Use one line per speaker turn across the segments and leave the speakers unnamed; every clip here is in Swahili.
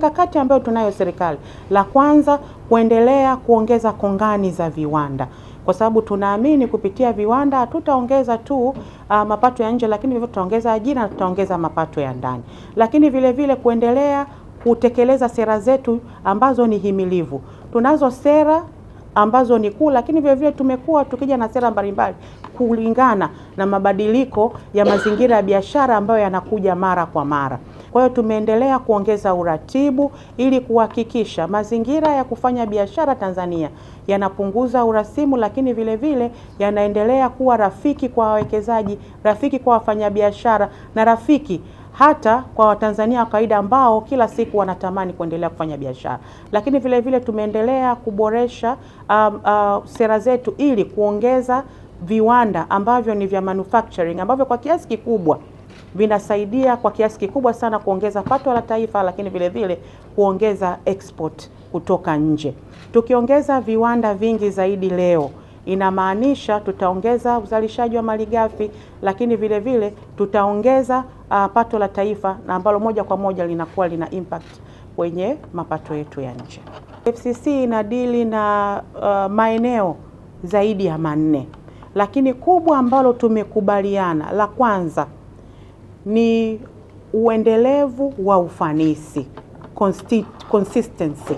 mikakati ambayo tunayo serikali, la kwanza kuendelea kuongeza kongani za viwanda kwa sababu tunaamini kupitia viwanda hatutaongeza tu uh, mapato ya nje, lakini vivyo tutaongeza ajira na tutaongeza mapato ya ndani, lakini vile vile kuendelea kutekeleza sera zetu ambazo ni himilivu. Tunazo sera ambazo ni kuu, lakini vile vile tumekuwa tukija na sera mbalimbali kulingana na mabadiliko ya mazingira ya biashara ambayo yanakuja mara kwa mara. Kwa hiyo tumeendelea kuongeza uratibu ili kuhakikisha mazingira ya kufanya biashara Tanzania yanapunguza urasimu, lakini vile vile yanaendelea kuwa rafiki kwa wawekezaji, rafiki kwa wafanyabiashara na rafiki hata kwa Watanzania wa kawaida ambao kila siku wanatamani kuendelea kufanya biashara. Lakini vile vile tumeendelea kuboresha um, uh, sera zetu ili kuongeza viwanda ambavyo ni vya manufacturing ambavyo kwa kiasi kikubwa vinasaidia kwa kiasi kikubwa sana kuongeza pato la taifa, lakini vile vile kuongeza export kutoka nje. Tukiongeza viwanda vingi zaidi leo inamaanisha tutaongeza uzalishaji wa malighafi, lakini vile vile tutaongeza uh, pato la taifa na ambalo moja kwa moja linakuwa lina impact kwenye mapato yetu ya nje. FCC inadili na uh, maeneo zaidi ya manne, lakini kubwa ambalo tumekubaliana la kwanza ni uendelevu wa ufanisi consistency,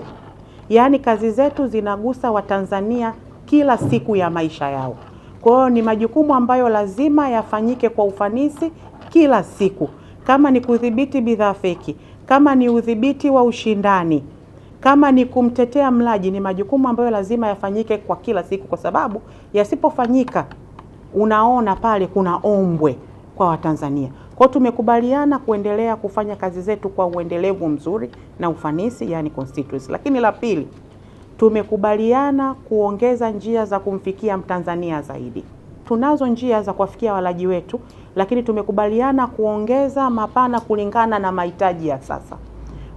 yaani kazi zetu zinagusa Watanzania kila siku ya maisha yao. Kwa hiyo ni majukumu ambayo lazima yafanyike kwa ufanisi kila siku, kama ni kudhibiti bidhaa feki, kama ni udhibiti wa ushindani, kama ni kumtetea mlaji, ni majukumu ambayo lazima yafanyike kwa kila siku, kwa sababu yasipofanyika, unaona pale kuna ombwe kwa Watanzania. Kwa tumekubaliana kuendelea kufanya kazi zetu kwa uendelevu mzuri na ufanisi, yani constituency. Lakini la pili, tumekubaliana kuongeza njia za kumfikia Mtanzania zaidi. Tunazo njia za kuwafikia walaji wetu, lakini tumekubaliana kuongeza mapana kulingana na mahitaji ya sasa.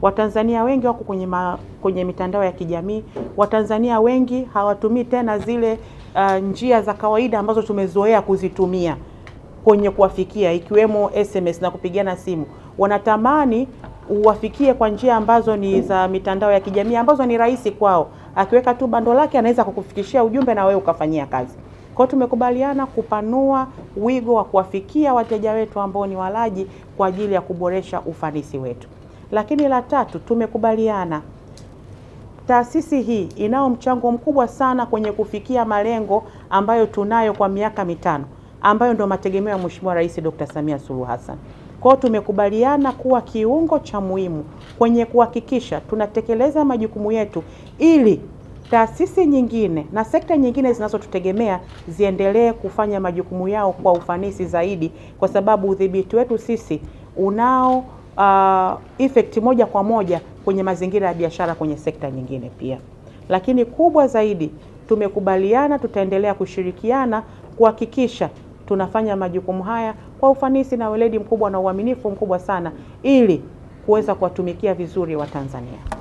Watanzania wengi wako kwenye, ma, kwenye mitandao ya kijamii. Watanzania wengi hawatumii tena zile uh, njia za kawaida ambazo tumezoea kuzitumia kwenye kuwafikia ikiwemo SMS na kupigana simu, wanatamani uwafikie kwa njia ambazo ni za mitandao ya kijamii ambazo ni rahisi kwao. Akiweka tu bando lake anaweza kukufikishia ujumbe na wewe ukafanyia kazi. Kwa hiyo tumekubaliana kupanua wigo wa kuwafikia wateja wetu ambao ni walaji kwa ajili ya kuboresha ufanisi wetu. Lakini la tatu, tumekubaliana taasisi hii inao mchango mkubwa sana kwenye kufikia malengo ambayo tunayo kwa miaka mitano ambayo ndio mategemeo ya Mheshimiwa Rais Dr. Samia Suluhu Hassan. Kwa hiyo tumekubaliana kuwa kiungo cha muhimu kwenye kuhakikisha tunatekeleza majukumu yetu ili taasisi nyingine na sekta nyingine zinazotutegemea ziendelee kufanya majukumu yao kwa ufanisi zaidi, kwa sababu udhibiti wetu sisi unao uh, effect moja kwa moja kwenye mazingira ya biashara kwenye sekta nyingine pia. Lakini kubwa zaidi, tumekubaliana tutaendelea kushirikiana kuhakikisha tunafanya majukumu haya kwa ufanisi na weledi mkubwa na uaminifu mkubwa sana ili kuweza kuwatumikia vizuri Watanzania.